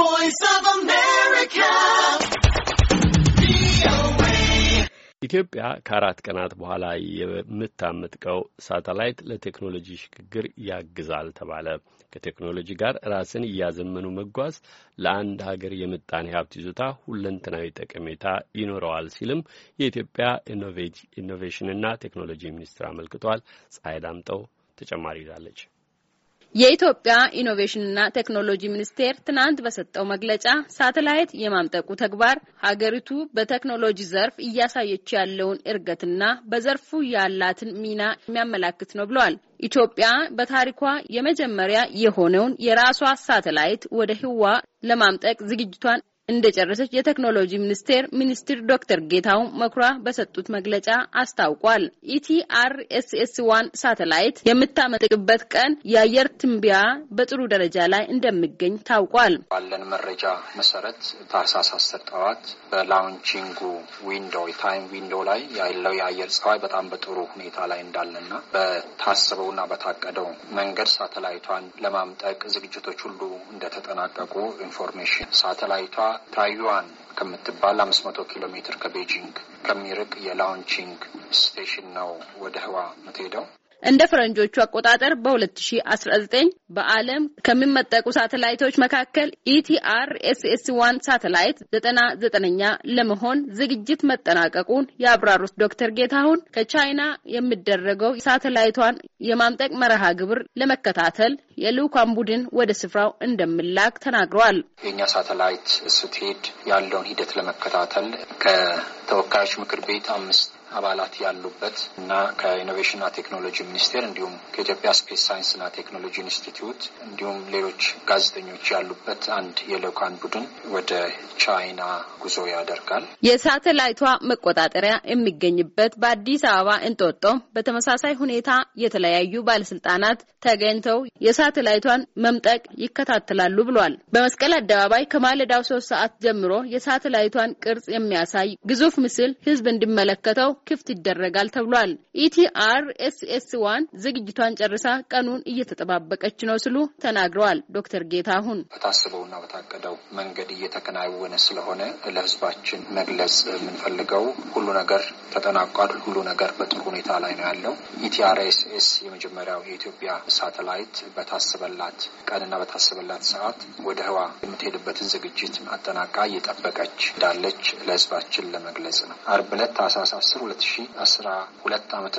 voice of America. ኢትዮጵያ ከአራት ቀናት በኋላ የምታመጥቀው ሳተላይት ለቴክኖሎጂ ሽግግር ያግዛል ተባለ። ከቴክኖሎጂ ጋር ራስን እያዘመኑ መጓዝ ለአንድ ሀገር የምጣኔ ሀብት ይዞታ ሁለንተናዊ ጠቀሜታ ይኖረዋል ሲልም የኢትዮጵያ ኢኖቬሽንና ቴክኖሎጂ ሚኒስትር አመልክቷል። ፀሐይ ዳምጠው ተጨማሪ ይዛለች። የኢትዮጵያ ኢኖቬሽንና ቴክኖሎጂ ሚኒስቴር ትናንት በሰጠው መግለጫ ሳተላይት የማምጠቁ ተግባር ሀገሪቱ በቴክኖሎጂ ዘርፍ እያሳየች ያለውን እድገትና በዘርፉ ያላትን ሚና የሚያመላክት ነው ብለዋል። ኢትዮጵያ በታሪኳ የመጀመሪያ የሆነውን የራሷ ሳተላይት ወደ ህዋ ለማምጠቅ ዝግጅቷን እንደጨረሰች የቴክኖሎጂ ሚኒስቴር ሚኒስትር ዶክተር ጌታው መኩሪያ በሰጡት መግለጫ አስታውቋል። ኢቲአርኤስኤስ ዋን ሳተላይት የምታመጥቅበት ቀን የአየር ትንቢያ በጥሩ ደረጃ ላይ እንደሚገኝ ታውቋል። ባለን መረጃ መሰረት ታህሳስ አስር ጠዋት በላውንቺንጉ ዊንዶ ታይም ዊንዶ ላይ ያለው የአየር ጸባይ በጣም በጥሩ ሁኔታ ላይ እንዳለና በታሰበውና በታቀደው መንገድ ሳተላይቷን ለማምጠቅ ዝግጅቶች ሁሉ እንደተጠናቀቁ ኢንፎርሜሽን ሳተላይቷ ታይዋን ከምትባል አምስት መቶ ኪሎ ሜትር ከቤጂንግ ከሚርቅ የላውንቺንግ ስቴሽን ነው ወደ ህዋ የምትሄደው። እንደ ፈረንጆቹ አቆጣጠር በ2019 በዓለም ከሚመጠቁ ሳተላይቶች መካከል ኢቲአር ኤስኤስ ዋን ሳተላይት ዘጠና ዘጠነኛ ለመሆን ዝግጅት መጠናቀቁን የአብራሩት ዶክተር ጌታሁን ከቻይና የሚደረገው ሳተላይቷን የማምጠቅ መርሃ ግብር ለመከታተል የልዑካን ቡድን ወደ ስፍራው እንደምላክ ተናግረዋል። የእኛ ሳተላይት ስትሄድ ያለውን ሂደት ለመከታተል ከተወካዮች ምክር ቤት አምስት አባላት ያሉበት እና ከኢኖቬሽንና ቴክኖሎጂ ሚኒስቴር እንዲሁም ከኢትዮጵያ ስፔስ ሳይንስና ቴክኖሎጂ ኢንስቲትዩት እንዲሁም ሌሎች ጋዜጠኞች ያሉበት አንድ የልዑካን ቡድን ወደ ቻይና ጉዞ ያደርጋል። የሳተላይቷ መቆጣጠሪያ የሚገኝበት በአዲስ አበባ እንጦጦ በተመሳሳይ ሁኔታ የተለያዩ ባለስልጣናት ተገኝተው የሳተላይቷን መምጠቅ ይከታተላሉ ብሏል። በመስቀል አደባባይ ከማለዳው ሶስት ሰዓት ጀምሮ የሳተላይቷን ቅርጽ የሚያሳይ ግዙፍ ምስል ህዝብ እንዲመለከተው ክፍት ይደረጋል ተብሏል። ኢቲአር ኤስኤስ ዋን ዝግጅቷን ጨርሳ ቀኑን እየተጠባበቀች ነው ሲሉ ተናግረዋል። ዶክተር ጌታሁን በታስበውና በታቀደው መንገድ እየተከናወነ ስለሆነ ለህዝባችን መግለጽ የምንፈልገው ሁሉ ነገር ተጠናቋል። ሁሉ ነገር በጥሩ ሁኔታ ላይ ነው ያለው። ኢቲአርኤስኤስ የመጀመሪያው የኢትዮጵያ ሳተላይት በታስበላት ቀንና በታስበላት ሰዓት ወደ ህዋ የምትሄድበትን ዝግጅት አጠናቃ እየጠበቀች እንዳለች ለህዝባችን ለመግለጽ ነው። አርብ ዕለት ታህሳስ አስር 2012 ዓ ምት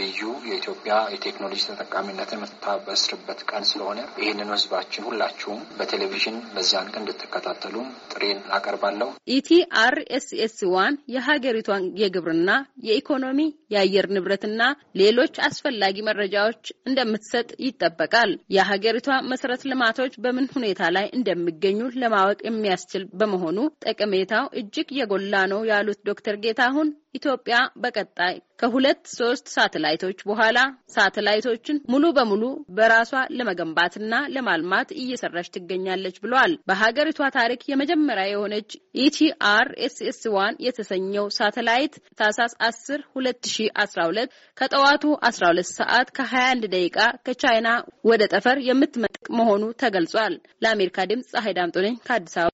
ልዩ የኢትዮጵያ የቴክኖሎጂ ተጠቃሚነት የምታበስርበት ቀን ስለሆነ ይህንን ህዝባችን ሁላችሁም በቴሌቪዥን በዚያን ቀን እንድትከታተሉ ጥሬን አቀርባለሁ። ኢቲአርኤስኤስ ዋን የሀገሪቷን የግብርና፣ የኢኮኖሚ፣ የአየር ንብረትና ሌሎች አስፈላጊ መረጃዎች እንደምትሰጥ ይጠበቃል። የሀገሪቷ መሰረት ልማቶች በምን ሁኔታ ላይ እንደሚገኙ ለማወቅ የሚያስችል በመሆኑ ጠቀሜታው እጅግ የጎላ ነው ያሉት ዶክተር ጌታሁን ኢትዮጵያ በቀጣይ ከሁለት ሶስት ሳተላይቶች በኋላ ሳተላይቶችን ሙሉ በሙሉ በራሷ ለመገንባትና ለማልማት እየሰራች ትገኛለች ብለዋል። በሀገሪቷ ታሪክ የመጀመሪያ የሆነች ኢቲአር ዋን የተሰኘው ሳተላይት ታህሳስ 10 2012 ከጠዋቱ 12 ሰዓት ከ21 ደቂቃ ከቻይና ወደ ጠፈር የምትመጥቅ መሆኑ ተገልጿል። ለአሜሪካ ድምፅ ፀሐይ ዳምጦ ነኝ ከአዲስ አበባ